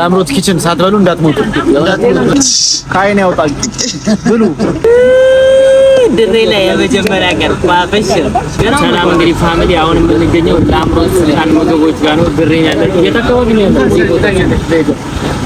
የአምሮት ኪችን ሳትበሉ እንዳትሞቱ። ከአይን ያውጣችሁ ብሉ። ድሬ ላይ የመጀመሪያ ቀን ፋፈሽ ሰላም። እንግዲህ ፋሚሊ አሁን የምንገኘው ለአምሮት ስልጣን ምግቦች ጋር ነው። ድሬ ያለ እየጠቀመ ግን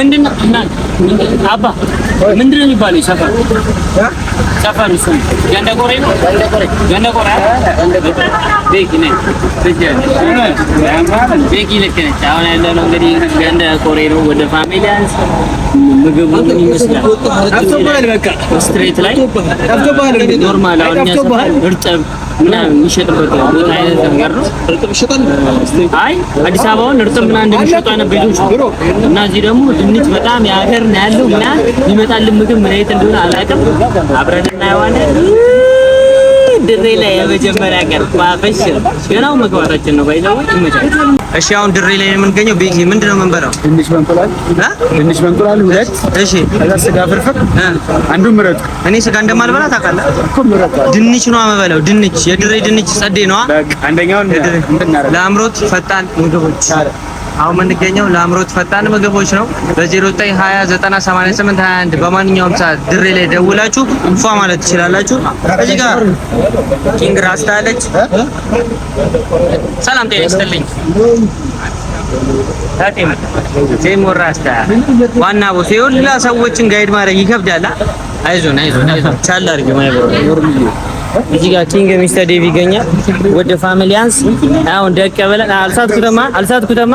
ምንድን ነው አባ ምንድን ነው የሚባለው? ሰፈር ሰፈር እሱ ገንደቆሬ ነው። ገንደቆሬ ቤኪ ልክ ነች። አሁን ያለነው እንግዲህ ገንደቆሬ ነው። ወደ ፋሚሊያንስ ምግቡ ይመስላል? ስትሬት ላይ ኖርማል አሁን እርጥብ እና የሚሸጥበት አይ አዲስ አበባውን እርጥብ ምናምን እንደሚሸጡ አይነት ቤቶች እና እዚህ ደግሞ ድንች በጣም የሀገር ነው ያለው እና ይመጣልን ምግብ ምን አይነት እንደሆነ አላውቅም። አብረን እናየዋለን። ድሬ ላይ የመጀመሪያ ቀን ገናው መግባታችን ነው እሺ አሁን ድሬ ላይ የምንገኘው ቤኪ ምንድነው የምንበላው? ትንሽ በእንቁላል አ ትንሽ በእንቁላል ሁለት። እሺ ከዛ ስጋ ፍርፍር አንዱ ምረጥ። እኔ ስጋ እንደማልበላ ታውቃለህ እኮ ምረጥ። ድንች ነው የምበላው። ድንች የድሬ ድንች ጸዴ ነው። አንደኛው ለአምሮት ፈጣን ምግቦች አሁን የምንገኘው ለአምሮት ፈጣን ምግቦች ነው። በ09209881 በማንኛውም ሰዓት ድሬ ላይ ደውላችሁ እንፏ ማለት ትችላላችሁ። እዚህ ጋር ኪንግ ራስታ አለች። ሰላም ጤና ይስጥልኝ። ቴሞር ራስታ ዋና ቦስ የሁላ ሰዎችን ጋይድ ማድረግ ይከብዳል። አይዞን አይዞን አይዞን ቻል አድርግ ማይበሩ እዚህ ጋር ኪንግ ሚስተር ዴቭ ይገኛል። ወደ ፋሚሊያንስ አሁን ደቀ ብለን አልሳት ኩተማ አልሳት ኩተማ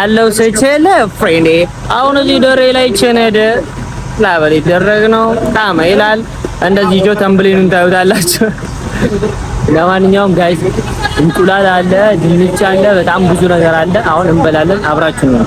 አለው ስችል ፍሬንዴ አሁን እዚህ ደሬ ላይ ቸነደ ላበል ይደረግ ነው ታማ ይላል። እንደዚህ ጆ ተምብሊኑን ታዩታላችሁ። ለማንኛውም ጋይስ እንቁላል አለ፣ ድንች አለ፣ በጣም ብዙ ነገር አለ። አሁን እንበላለን። አብራችሁ ነው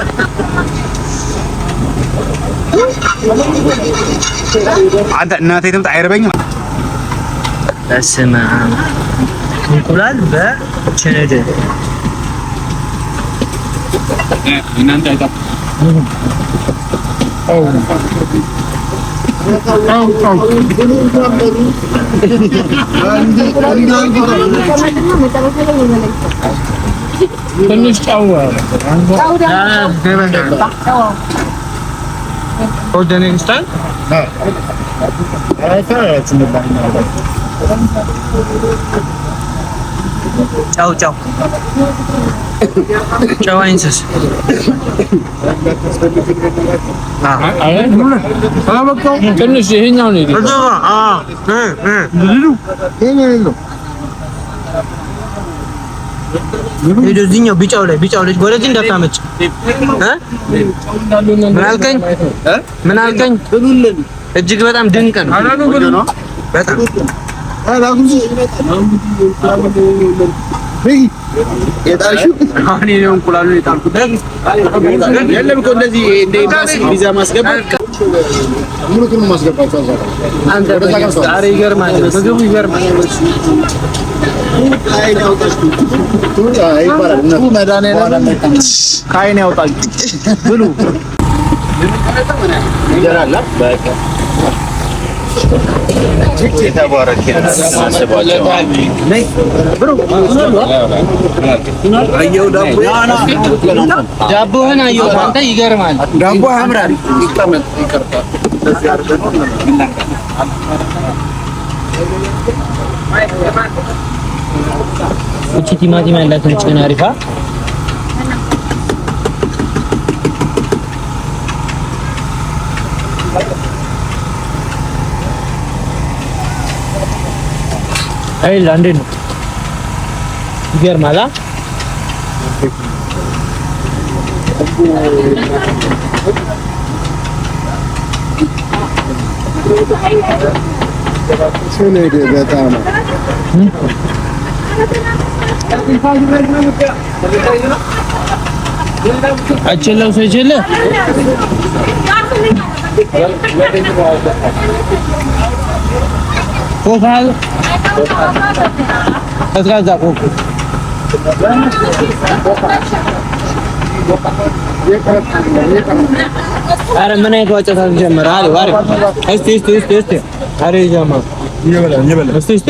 አንተ እናቴ ትምጣ አይርበኝም። በስመ አብ እንቁላል በችንድ ትንሽ ጫው Kordenings'ten? Ha. Alfa arasında ben Ciao ciao. ciao Ainsus. Sana bakalım. Senin şehrin ne neydi? Aa, ne? Ne? Ne? Ne? Ne? ሄዶ እዚህኛው ቢጫው ላይ ቢጫው ላይ ወደዚህ እንዳታመጭ ምን አልከኝ? ምን አልከኝ? እጅግ በጣም ድንቅ ነው። በጣም የለም ከአይን ያውጣችሁ ብሉ። ዳቦህን አየሁ። አንተ ይገርማል። ዳቦ ያምራል። እቺ ቲማቲም ያላት ነጭ አሪፋ አይላ እንዴት ነው? ይገርማል። በጣም አችለው ሰው ይችላል። ኮካል ከስጋዛ ኮኩ አረ ምን አይነት ዋጨታ ጀመረ? አሪፍ አሪፍ። እስቲ እስቲ እስቲ እስቲ አሪፍ ጀመረ። እስቲ እስቲ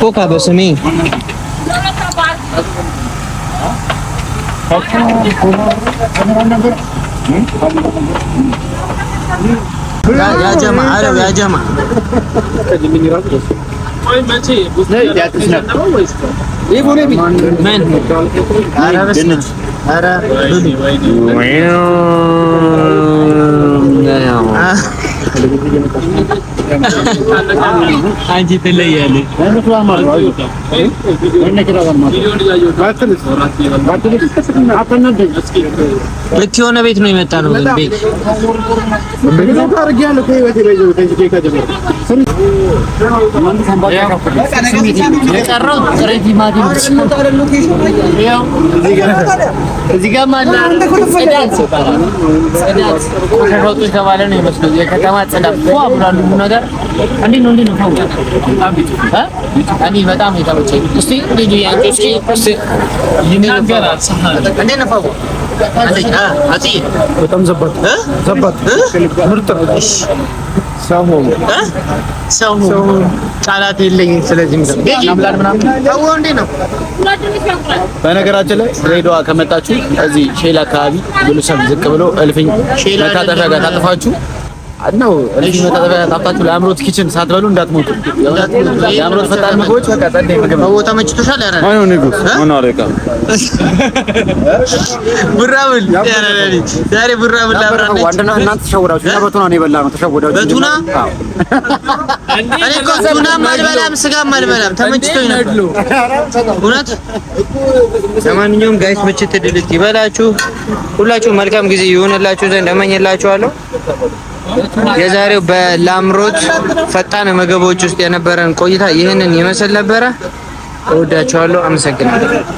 ፖካ በስሜ ያጀማ አለው ያጀማ አንቺ ትለያለሽ። ልክ የሆነ ቤት ነው የመጣ ነው። የቀረው ጥሬ ቲማቲም በጣም ዘባት ዘባት ምርጥ ሰው ሰው ቃላት የለኝም። ስለዚህ ነው። በነገራችን ላይ ድሬዳዋ ከመጣችሁ እዚህ ሼል አካባቢ ብሉ ዝቅ ብሎ እልፍኝ መታጠፊያ ጋር ታጥፋችሁ ነው እዚህ መታጠቢያ ለአምሮት ኪችን ሳትበሉ እንዳትሞቱ። የአምሮት ፈጣን ምግቦች በቃ ጸደይ ምግብ ነው። ስጋም አልበላም ተመችቶኝ ነበር። ለማንኛውም ጋይስ ምችት ድልት ይበላችሁ። ሁላችሁ መልካም ጊዜ ይሆንላችሁ ዘንድ እመኝላችኋለሁ። የዛሬው በላምሮት ፈጣን ምግቦች ውስጥ የነበረን ቆይታ ይህንን ይመስል ነበረ። እወዳችኋለሁ። አመሰግናለሁ።